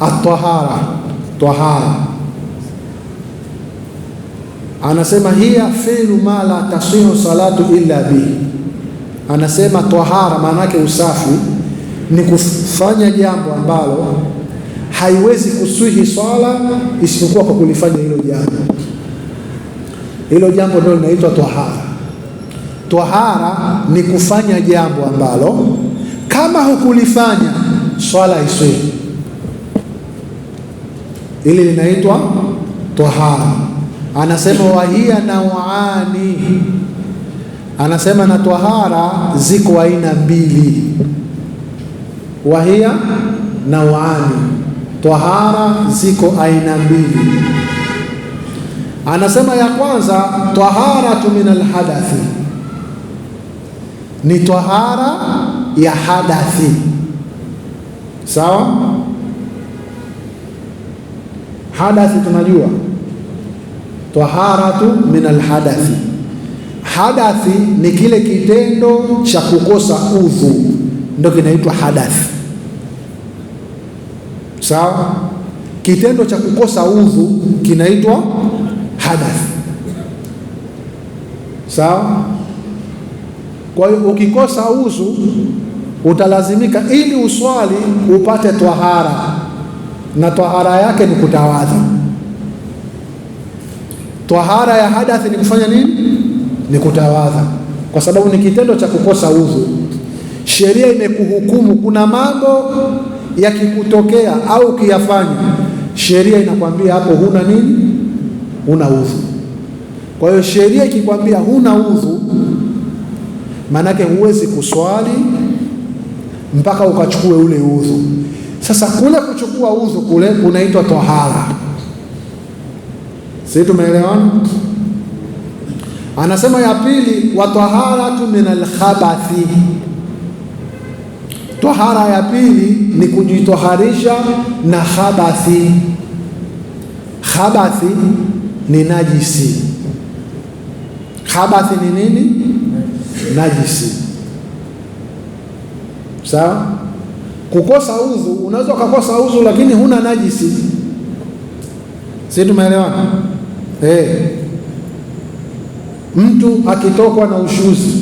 atahara tahara, anasema hiya filu ma la tasihu salatu illa bihi. Anasema tahara maana yake usafi ni kufanya jambo ambalo haiwezi kuswihi swala isipokuwa kwa kulifanya hilo jambo. Hilo jambo ndio linaitwa tahara. Tahara ni kufanya jambo ambalo kama hukulifanya swala iswihi Hili linaitwa tahara. Anasema wahiya nauani, anasema na tahara ziko aina mbili. Wahiya nauani, tahara ziko aina mbili. Anasema ya kwanza taharatu min alhadathi, ni tahara ya hadathi. Sawa. Hadathi tunajua taharatu min alhadathi. Hadathi ni kile kitendo cha kukosa udhu, ndio kinaitwa hadathi. Sawa, kitendo cha kukosa udhu kinaitwa hadathi. Sawa. Kwa hiyo ukikosa udhu utalazimika ili uswali upate tahara na tahara yake ni kutawadha. Tahara ya hadathi ni kufanya nini? Ni kutawadha, kwa sababu ni kitendo cha kukosa udhu. Sheria imekuhukumu kuna mambo yakikutokea au ukiyafanya, sheria inakwambia hapo huna nini, huna udhu. Kwa hiyo sheria ikikwambia huna udhu, maanake huwezi kuswali mpaka ukachukue ule udhu. Sasa kule kuchukua udhu kule kunaitwa tohara. Sisi tumeelewana? Anasema ya pili, wa taharatu min alkhabathi. Tohara ya pili ni kujitoharisha na khabathi. Khabathi ni najisi. Khabathi ni nini? Najisi, sawa Kukosa udhu, unaweza ukakosa udhu lakini huna najisi. Si tumeelewana? Eh, mtu akitokwa na ushuzi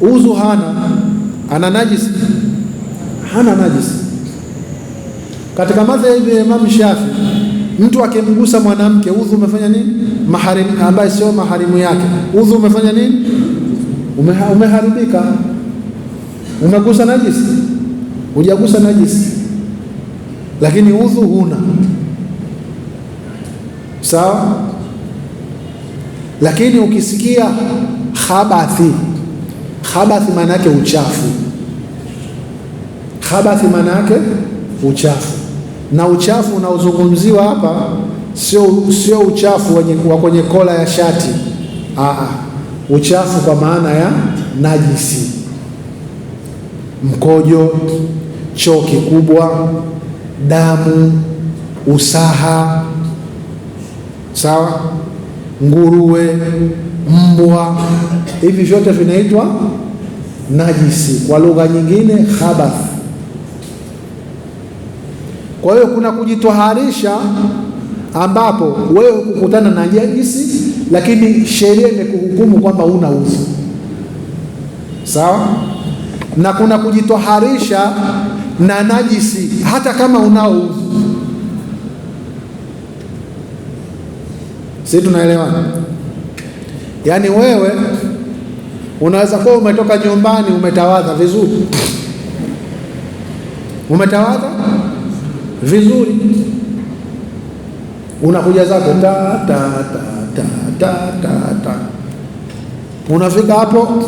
udhu hana, ana najisi? Hana najisi. Katika madhehebu ya Imam Shafi, mtu akimgusa mwanamke udhu umefanya nini? Maharimu ambaye sio maharimu yake, udhu umefanya nini? Umeharibika, umegusa najisi hujagusa najisi, lakini udhu huna, sawa. Lakini ukisikia khabathi, khabathi maana yake uchafu. Khabathi maana yake uchafu, na uchafu unaozungumziwa hapa sio sio uchafu wa kwenye kola ya shati aa, uchafu kwa maana ya najisi, mkojo choo kikubwa, damu, usaha, sawa, nguruwe, mbwa, hivi vyote vinaitwa najisi, kwa lugha nyingine khabath. Kwa hiyo kuna kujitoharisha ambapo wewe hukukutana na najisi, lakini sheria imekuhukumu kwamba una uzu, sawa, na kuna kujitoharisha na najisi, hata kama unao. Sisi tunaelewana? Yaani wewe unaweza kuwa umetoka nyumbani umetawadha vizuri, umetawadha vizuri, unakuja zako ta ta ta ta ta ta, unafika hapo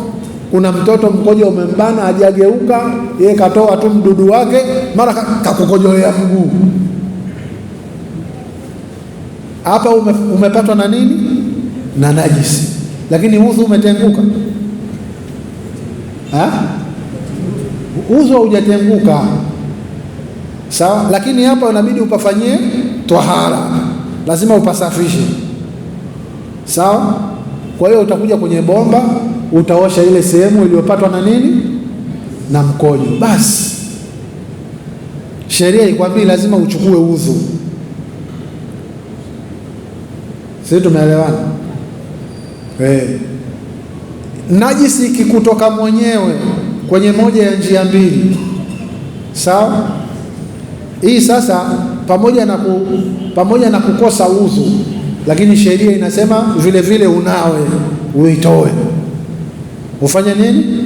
kuna mtoto mkojo umembana, hajageuka yeye, katoa tu mdudu wake, mara kakukojolea mguu. Hapa ume, umepatwa na nini? Na najisi, lakini udhu umetenguka ha? Udhu haujatenguka sawa, lakini hapa inabidi upafanyie twahara, lazima upasafishe sawa kwa hiyo utakuja kwenye bomba utaosha ile sehemu iliyopatwa na nini na mkojo. Basi sheria ikwambie lazima uchukue udhu. Sisi tumeelewana hey. Eh. Najisi ikikutoka mwenyewe kwenye moja ya njia mbili, sawa. Hii sasa pamoja na, ku, pamoja na kukosa udhu lakini sheria inasema vile vile unawe uitoe, ufanye nini?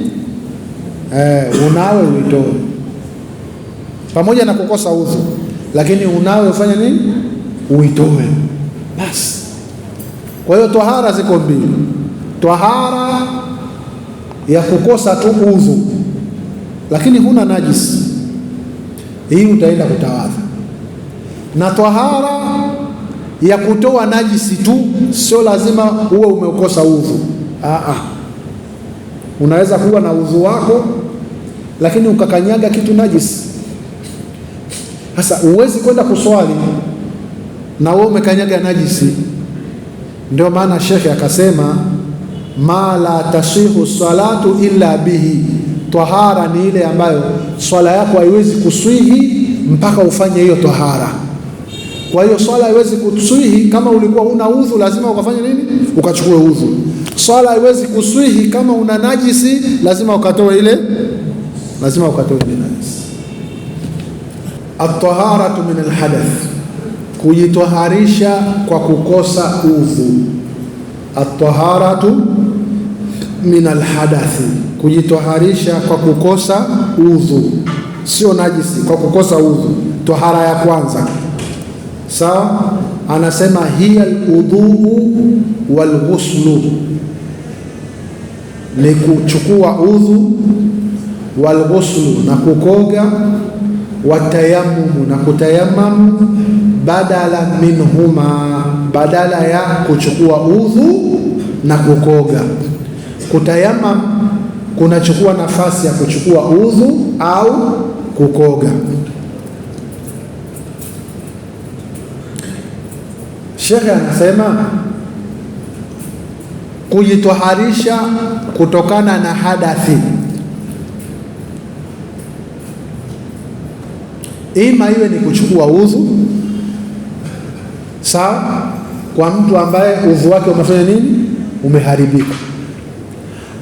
Eh, unawe uitoe, pamoja na kukosa udhu, lakini unawe ufanye nini? Uitoe basi. Kwa hiyo twahara ziko mbili, twahara ya kukosa tu udhu, lakini huna najisi, hii utaenda kutawadha, na twahara ya kutoa najisi tu, sio lazima uwe umeukosa udhu. ah. unaweza kuwa na udhu wako lakini ukakanyaga kitu najisi. Sasa huwezi kwenda kuswali na wewe umekanyaga najisi. Ndio maana shekhe akasema ma la tasihu salatu illa bihi tahara, ni ile ambayo swala yako haiwezi kuswihi mpaka ufanye hiyo tahara. Kwa hiyo swala haiwezi kuswihi kama ulikuwa una udhu, lazima ukafanye nini? Ukachukue udhu. Swala haiwezi kuswihi kama una najisi, lazima ukatoe ile, lazima ukatoe ile najisi. At-taharatu min al-hadath, kujitoharisha kwa kukosa udhu. At-taharatu min al-hadathi, kujitoharisha kwa kukosa udhu, sio najisi, kwa kukosa udhu, tohara ya kwanza Sawa, anasema hiya aludhuu walghuslu, ni kuchukua udhu, walghuslu na kukoga, watayamumu na kutayamamu, badala minhuma, badala ya kuchukua udhu na kukoga. Kutayamam kunachukua nafasi ya kuchukua udhu au kukoga. Shekhe anasema kujitoharisha kutokana na hadathi, ima iwe ni kuchukua udhu, sawa, kwa mtu ambaye udhu wake umefanya nini, umeharibika,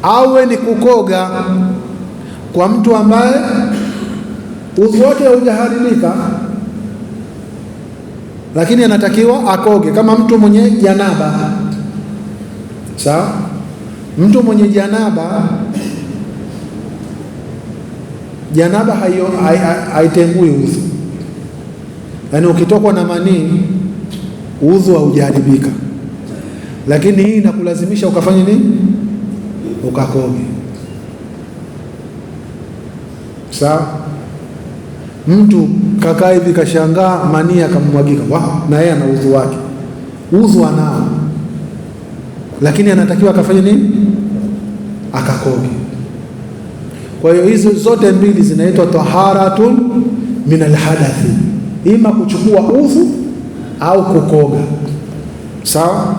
awe ni kukoga kwa mtu ambaye udhu wake haujaharibika lakini anatakiwa akoge kama mtu mwenye janaba. Sawa, mtu mwenye janaba, janaba haitengui udhu, yaani ukitokwa na manii udhu haujaharibika, lakini hii inakulazimisha ukafanya nini? Ukakoge. Sawa. Mtu kakaa hivi kashangaa, manii akamwagika, na yeye ana udhu wake, udhu anao, lakini anatakiwa akafanye nini? Akakoge. Kwa hiyo hizo zote mbili zinaitwa taharatun min alhadathi, ima kuchukua udhu au kukoga. Sawa.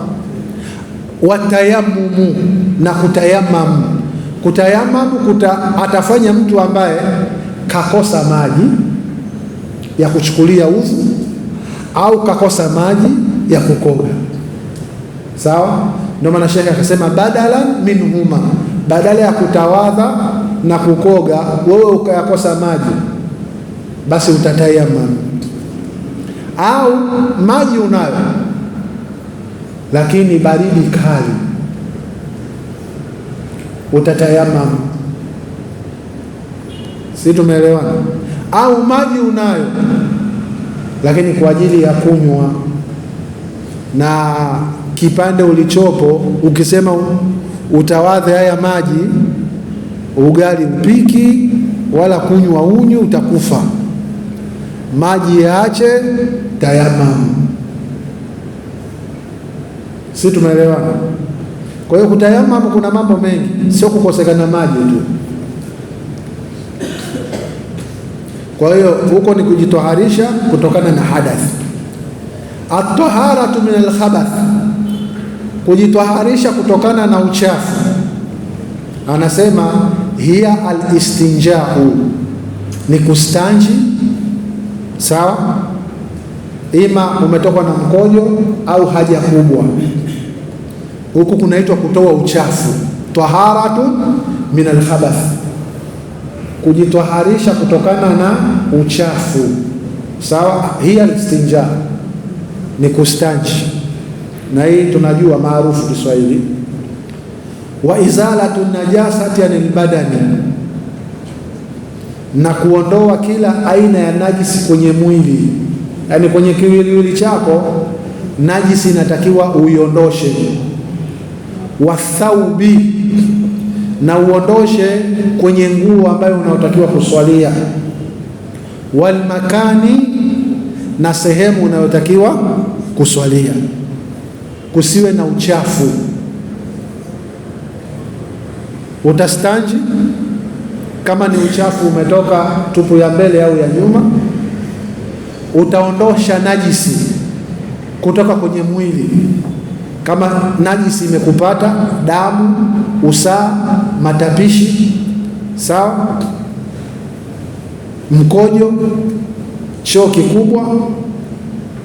Watayamumu na kutayamamu, kutayamamu kuta, atafanya mtu ambaye kakosa maji ya kuchukulia udhu au kakosa maji ya kukoga. Sawa, ndio maana shekhe akasema badala minhuma, badala ya kutawadha na kukoga wewe ukayakosa maji, basi utatayamam, au maji unayo lakini baridi kali, utatayamam. Si tumeelewana? au maji unayo, lakini kwa ajili ya kunywa na kipande ulichopo, ukisema utawadhe haya maji, ugali upiki wala kunywa unyu, utakufa. Maji yaache tayamamu. Si tumeelewana? Kwa hiyo kutayamamu kuna mambo mengi, sio kukosekana maji tu. Kwa hiyo huko ni kujitoharisha kutokana na hadath. At-taharatu min al-khabath, kujitoharisha kutokana na uchafu. Anasema hiya al ni kustanji. Sawa, ima umetokwa na mkojo au haja kubwa, huku kunaitwa kutoa uchafu. Taharatu min al-khabath kujitwaharisha kutokana na uchafu. Sawa, hii alistinja ni kustanji, na hii tunajua maarufu Kiswahili, wa izalatu najasati anil badani, na kuondoa kila aina ya najisi kwenye mwili, yaani kwenye kiwiliwili chako najisi inatakiwa uiondoshe. Wathaubi na uondoshe kwenye nguo ambayo unaotakiwa kuswalia, makani, na sehemu unayotakiwa kuswalia. Kusiwe na uchafu. Utastanji kama ni uchafu umetoka tupu ya mbele au ya nyuma, utaondosha najisi kutoka kwenye mwili. Kama najisi imekupata damu, usaa, matapishi, sawa, mkojo, choo kikubwa,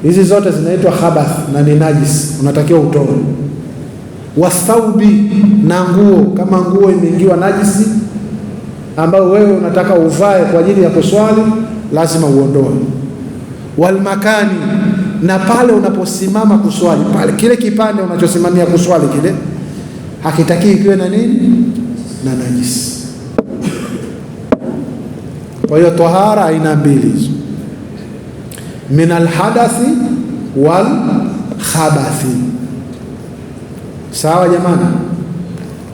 hizi zote zinaitwa khabath na ni najisi, unatakiwa utoe. Wasaubi na nguo, kama nguo imeingiwa najisi ambayo wewe unataka uvae kwa ajili ya kuswali, lazima uondoe. Walmakani na pale unaposimama kuswali pale, kile kipande unachosimamia kuswali kile hakitakii kiwe na nini na najisi. Kwa hiyo tahara aina mbili hizo, min alhadathi wal khabathi. Sawa jamani.